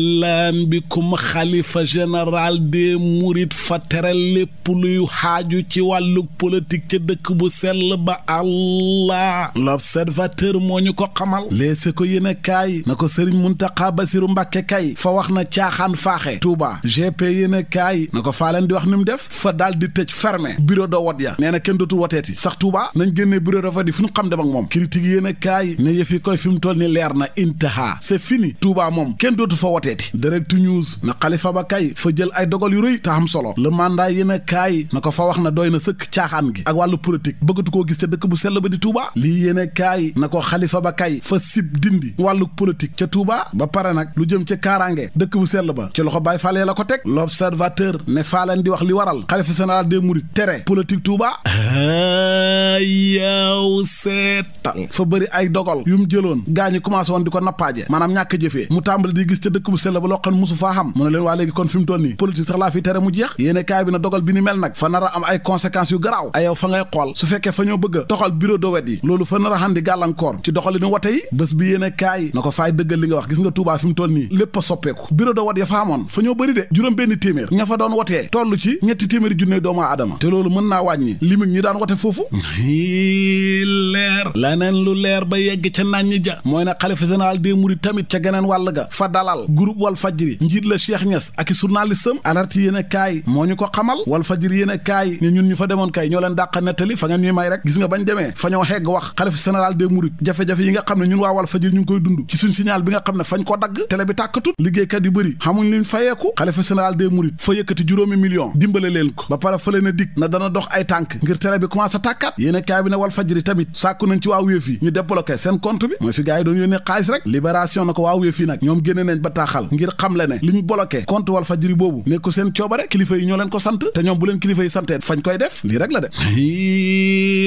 ahlan bikum xalifa général des mourides fa tere lépp luy xaaju ci wàllu politique ca dëkk bu sell ba allah l'observateur moo ñu ko xamal leese ko yéen a kaay na ko sëriñ muntaxa basiru mbàkke kay fa wax na caaxaan faaxe tuuba gp yéen a kaay na ko faaleen di wax ni mu def fa daal di tëj fermé bureau de vote ya nee na kenn dootu woteeti sax tuuba nañ génnee bureau de vote fu ñu xam dem ak moom critique yéen a kaay ne yëfi koy fi mu toll ni leer na intaha c'est fini tuuba moom kenn dootu fa seeti direct news na xalifa ba kay fa jël ay dogal yu rëy te am solo le mandat yéen a kaay na ko fa wax na doy na sëkk caaxaan gi ak wàllu politique bëggatu koo gis te dëkk bu sell ba di Touba lii yéen a kaay na ko xalifa ba kay fa sib dindi wàllu politique ca Touba ba pare nag lu jëm ca kaaraange dëkk bu sell ba ci loxo Baye Fallé la ko teg l'observateur ne faa leen di wax li waral xalifa général des mourides tere politique Touba yaw seetal fa bëri ay dogal yu mu jëloon poussé la ba loo xam ne musu faa xam mu ne leen waa léegi kon fi mu toll nii politique sax tere mu jeex yéene kaay bi na dogal bi ni mel nag fa nar a am ay conséquences yu garaaw ayow fa ngay xool su fekkee fa ñoo bëgg a toxal bureau de yi loolu fa nar a xandi gàllankoor ci doxalinu wote yi bés bi yéene kaay na ko faay dëggal li nga wax gis nga Touba fi mu nii lépp a soppeeku bureau de wet fa amoon fa ñoo bëri de juróom benn téeméer ña fa doon wotee toll groupe wal fajri njiit la Cheikh Niass ak i journalistam alerte yéen a kaay moo ñu ko xamal wal fajri yéen a kaay ne ñun ñu fa demoon kaay ñoom génne nañ bataaxal jaaxal ngir xam le ne li ñu bloqué compte Walfadjri boobu nekku seen coobare kilifa yi ñoo leen ko sant te ñoom bu leen kilifa yi santee fañ koy def lii rek la de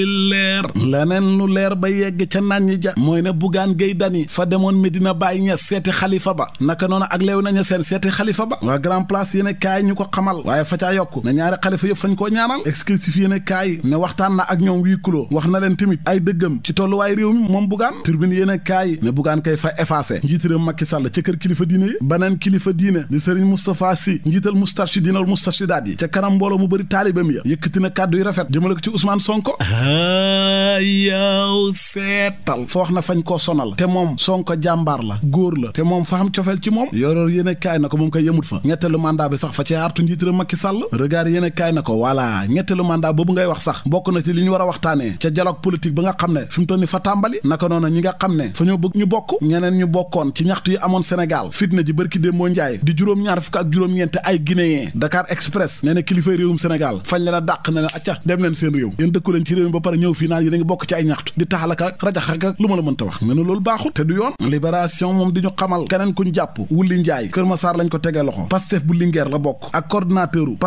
leer leneen lu leer ba yegg ca naan ñi ja mooy ne Bougane Gueye Dany fa demoon Medina Baye ña seeti xalifa ba naka noonu ak leew nañu seen seeti xalifa ba waa grand place yéen kaay ñu ko xamal waaye fa caa yokk na ñaari xalifa yëpp fañ koo ñaanal exclusif yéen kaay ne waxtaan na ak ñoom wii kuloo wax na leen tamit ay dëggam ci tolluwaay réew mi moom Bougane turbine yéen kaay ne Bougane kay fa effacé njiitiram Macky Sall ca kër kilifa diine baneen kilifa diine di sëriñ Moustapha Sy njiital Moustarchidina wal Moustarchidaat yi ca kanam mbooloo mu bëri taalibeem ya yëkkati na kàddu yu rafet jëmale ko ci Ousmane Sonko ah, yow seetal fa wax na fañ koo sonal te moom Sonko jàmbaar la góor la te moom fa xam cofeel ci moom yoroor yéen kaay na ko moom koy yëmut fa ñetteelu mandat bi sax fa ci artu njiitala Macky Sall regard yéen kaay na ko voilà ñetteelu mandat boobu ngay wax sax bokk na ci li ñu war a waxtaanee ca dialogue politique ba nga xam ne fi mu fa tàmbali naka noonu ñi xam ne fa ñoo bëgg ñu bokk ñeneen ñu bokkoon ci ñaxtu yi amoon Sénégal fitna altine bërki déem njaay di juróom-ñaar fukk ak juróom-ñeent ay guinéen Dakar Express nee na kilifay réewum Sénégal fañ leen a dàq ne leen acca dem seen réew yéen dëkku leen ci réew mi ba pare ñëw fii naan yéen a ngi bokk ci ay ñaxtu di taxal ak rajax ak lu ma la mënta wax nga ne loolu baaxul te du yoon libération moom di ñu xamal keneen kuñ jàpp wulli njaay Kër Masaar lañ ko tegee loxo Pastef bu Linguère la bokk ak coordinateur u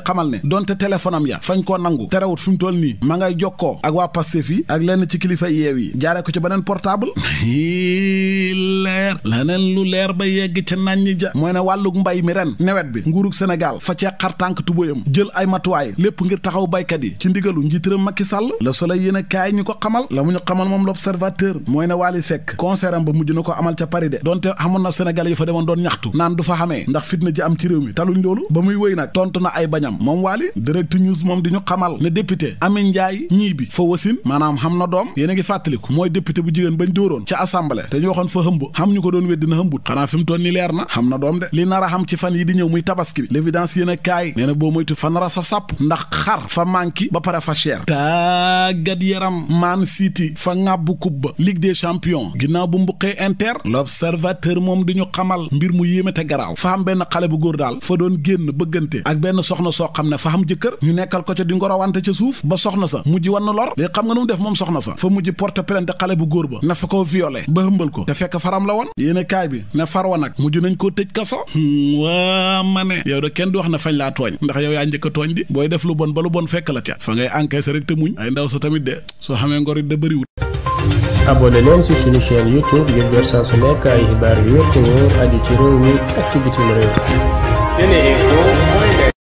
di xamal ne donte téléphone am ya fañ koo nangu terewut fi mu nii ma ngay jokkoo ak waa Pastef yi ak lenn ci kilifa yeew yi jaaree ko ci beneen portable leer leneen lu leer ba yegg ca nañ ja mooy ne wàllug mbay mi ren nawet bi nguurug Sénégal fa cee xar tànk tubóyam jël ay matuwaay lépp ngir taxaw baykat yi ci ndigalu njiitëram Macky Sall la Soleil yéen a kaay ñu ko xamal la mu ñu xamal moom l'Observateur mooy ne Wally Seck concert am ba mujj na ko amal ca Paris de donte xamoon na Sénégal yi fa demoon doon ñaxtu naan du xamee ndax fitna ji am ci réew mi taluñ loolu moom Waly direct news moom di ñu xamal ne député Amin Ndiaye ñii bi fa wasin maanaam xam na doom yéen a ngi fàttaliku mooy député bu jigéen bañ dóoroon ca assemblée te ñu waxoon fa hëmb xam ñu ko doon weddi na hëmbut xanaa fi mu toon ni leer na xam na doom de li nar a xam ci fan yi di ñëw muy tabaski bi l'évidence yéen a kaay nee na boo moytu fa nar a saf sàpp ndax xar fa manki ba pare fa cher tàggat yaram Man City fa ŋàbbu coupe ba Ligue des champions ginnaaw bu mbuqee Inter l'observateur moom di ñu xamal mbir mu yéeme te garaaw fa benn xale bu góor daal fa doon génn bëggante ak benn soxna soo xam ne fa xam jëkkër ñu nekkal ko ca di ngorowante ca suuf ba soxna sa mujj wan na lor léegi xam nga nu mu def moom soxna sa fa mujj porte plainte xale bu góor ba na fa ko violé ba hëmbal ko te fekk faram la woon yéene kaay bi ne far wa nag mujj nañ koo tëj kaso hmm, waa ma ne yow de kenn du wax na fañ laa tooñ ndax yow yaa njëkk tooñ di booy def lu bon ba lu bon fekk la ca fa ngay encaisser rek te ay ndaw sa tamit de soo xamee ngor it da bëriwul abonné leen ci suñu chaîne youtube ngir jot saa su nekk ay xibaar yu wér te